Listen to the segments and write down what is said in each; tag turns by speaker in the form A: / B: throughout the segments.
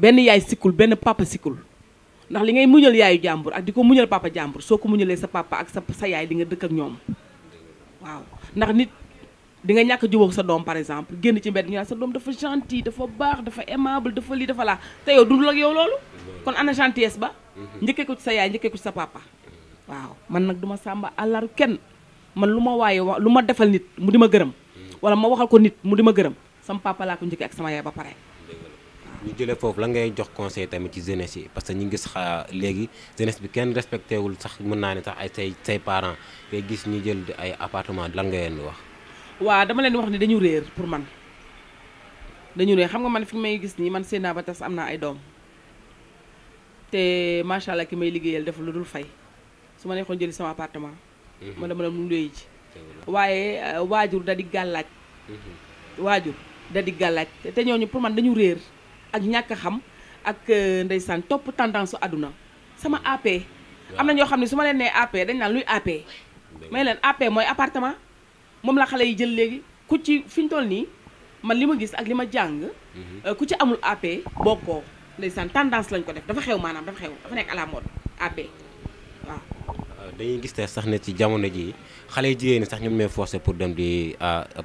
A: benn yaay sikkul benn papa sikkul ndax li ngay muñal yaayu jàmbur ak di ko muñal papa jàmbur soo ko muñalee sa papa ak sa sa yaay di nga dëkk ak ñoom waaw ndax nit di nga ñàkk jubóog sa doom par exemple génn ci mbedd ñu naan sa doom dafa gentil dafa baax dafa aimable dafa lii dafa laa te yow dundul ak yow loolu kon ana gentillesse ba mhm. njëkkee ci sa yaay njëkkee ko ci sa papa waaw man nag du ma sàmba àllaru kenn man lu ma waaye lu ma defal nit mu di ma gërëm mhm. wala ma waxal ko nit mu di ma gërëm sama papa laa ko sama yaay ba pare
B: ñu jëlee foofu la ngay jox conseil tamit ci jeunesse yi parce que ñu gis xa léegi jeunesse bi kenn respecté wul sax mën naa ne sax ay say say parent ngay gis ñu jël ay appartement lan nga leen di wax.
A: waaw dama leen wax ne dañu réer pour man dañu réer xam nga man fi may gis nii man seen naa ba tas am naa ay doom te macha ki may liggéeyal def lu dul fay su ma neexoon jëli sama appartement. Mhm. ma dama dem lu léegi ji. waaye euh, waajur da di gàllaaj
B: mhm.
A: waajur da di gàllaaj te ñooñu pour man dañu réer. ak ñàkk xam ak euh, ndeysaan topp tendance àdduna sama AP. am na ñoo xam ne su ma leen nee AP dañ naan luy AP. may leen AP mooy appartement moom la xale yi jël léegi ku ci fi ñu toll nii man li ma gis ak li ma jàng. Mhm. Euh, ku ci amul AP bokkoo ndeysaan tendance lañ ko def dafa xew maanaam dafa xew dafa nekk à la mode euh,
B: dañuy gis te sax ne ci jamono ji xale yi jigéen sax ñoom ñooy forcé pour dem di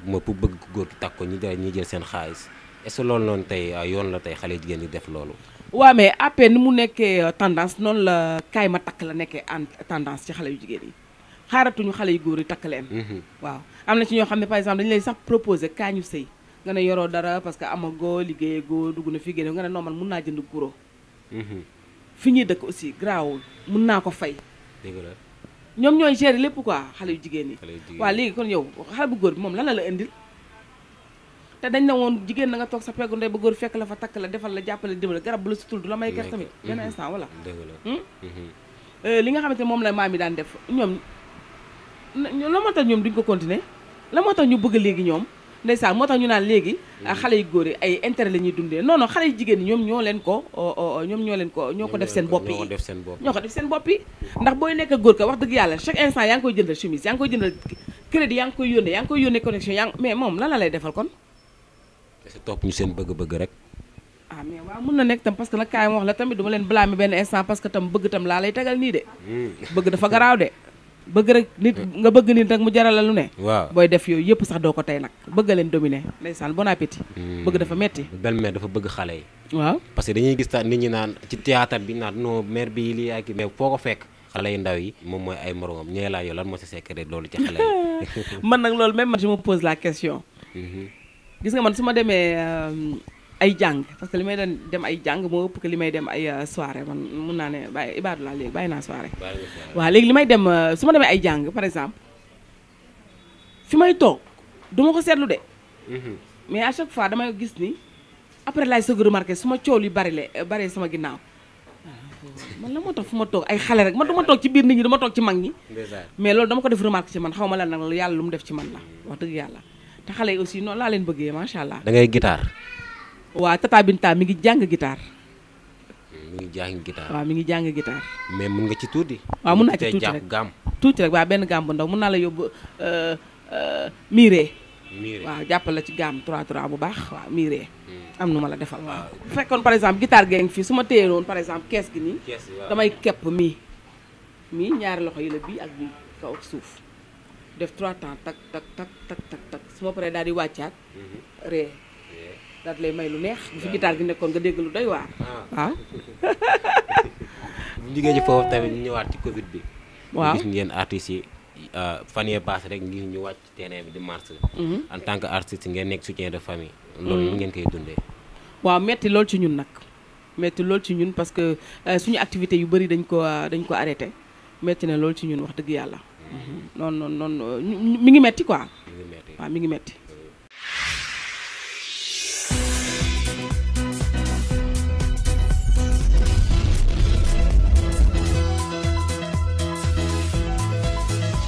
B: mooy pour bëgg góor ki takk ko ñi daal ñuy jël seen xaalis. est-ce que noonu tey euh, yoon la tey xale jigéen ñi def loolu.
A: waaw mais AP ni mu nekkee euh, tendance noonu la kaay ma takk la nekkee en tendance ci xale yu jigéen yi xaaratuñu xale yu góor yi takk leen. Mhm. waaw am na ci ñoo xam ne par exemple dañ lay sax proposé kaa ñu sëy nga ne yoroo dara parce que amagoo liggéeyagoo dugg na fi génne nga ne non man mun naa jënd guro. Mhm. fi ñuy dëkk aussi garaawul mun naa ko fay. ñoom ñooy gérer lépp quoi xale yu jigéen yi. waa kon yow xale góor bi moom lan la la indil. te dañ na woon jigéen na nga toog sa peggu ndey ba góor fekk la fa takk la defal la jàppale dimbale garab bu la sutul du la may ker tamit benn mhm. instant voilà hmm? mhm. euh, li nga moom la maam yi daan def ñoom la moo tax ñoom duñ ko ñu bëgg léegi ñoom ndeysaan moo tax ñu naan léegi mhm. ah, xale yu góor yi ay intérêt la ñuy dundee non non xale yu jigéen ñi ñoom ñoo leen ko ñoom ñoo leen ko ñoo ko def seen bopp yi ñoo ko def seen bopp ndax booy nekk góor ka wax dëgg yàlla chaque instant yaa ngi koy jëndal chemise yaa ngi koy jëndal crédit yaa ngi koy yónnee yaa ngi koy yónnee connexion yaa ngi moom lan lay defal kon
B: si topp ñu seen bëgg-bëgg rek.
A: ah mais waaw mën na nekk tam parce que nag kaay ma wax la tamit du leen blâmer benn instant parce que tam bëgg tam laa lay tegal nii de. Hmm. bëgg dafa garaaw de. bëgg rek nit hmm. nga bëgg nit rek mu jaral la lu ne. waaw booy def yooyu
B: yëpp sax doo ko tey nag bëgg leen dominer ndeysaan bon appétit. Hmm. bëgg dafa metti belle mère dafa bëgg xale yi. waaw parce que dañuy gis ta nit ñi naan ci théâtre bi naan non mère bi lii ak mais foo ko fekk. xale yu ndaw yi moom mooy ay moromam ñee laa yow lan moo sa secret loolu ci man nag loolu même man je
A: la question. Mhm. gis nga man su ma demee euh, ay jàng parce que li may dem ay jàng moo ëpp que li may dem ay euh, soirée man mun naa ne bàyyi ibaadu laa léegi bàyyi naa soirée. waa léegi li may dem euh, su ma demee ay jàng par exemple fi may toog du ma ko seetlu de. Mhm. mais à fois damay gis ni après laay a remarqué su ma coow li bari le bari sama ginnaaw. man la moo tax fu ma toog ay xale rek man du ma toog ci biir nit ñi du ma toog ci mag ñi. mais loolu dama ko def remarque ci man xaw ma lan nag yàlla lu mu def ci man la mhm. wax dëgg yàlla. te xale yi aussi noonu laa leen bëggee macha allah. da ngay guitare. waa Tata Binta mi ngi jàng guitare.
B: mi ngi jàng guitare
A: ngi jàng guitare.
B: mais mun nga ci tuuti.
A: waaw mun naa ci tuuti rek gaam tuuti rek benn gaam bu ndaw mun naa la yóbbu euh, euh, miiree. waa waaw la ci gaam 3 3 bu baax waaw miiree. Hmm. am nu ma la defal waaw. bu ah. fekkoon par exemple guitare geeg fii su ma téye woon par exemple kees gi nii. damay kepp mii mii ñaari loxo yi la ak bii kaw ak suuf. def trois temps tak tak tak tak tak tak su ma paree daal di wàccaat. Mhm. ree daal lay may lu neex. bu fi gitaar gi nekkoon nga dégg lu doy waar. waaw.
B: bu ñu ci foofu tamit ñu ñëwaat ci Covid bi. waaw ngeen artistes yi. Euh, fan yee paase rek ngir ñu bi di mars. Mhm. en tant que artiste ngeen nekk soutien de famille. loolu mhm. ngeen koy dundee.
A: waaw metti lool ci ñun nag metti lool ci ñun parce que euh, suñu activité yu bëri dañ ko euh, dañ ko arrêté metti na lool ci ñun wax dëgg yàlla. noonu noonu noonu euh, mi ngi metti quoi. mi ngi mi ngi metti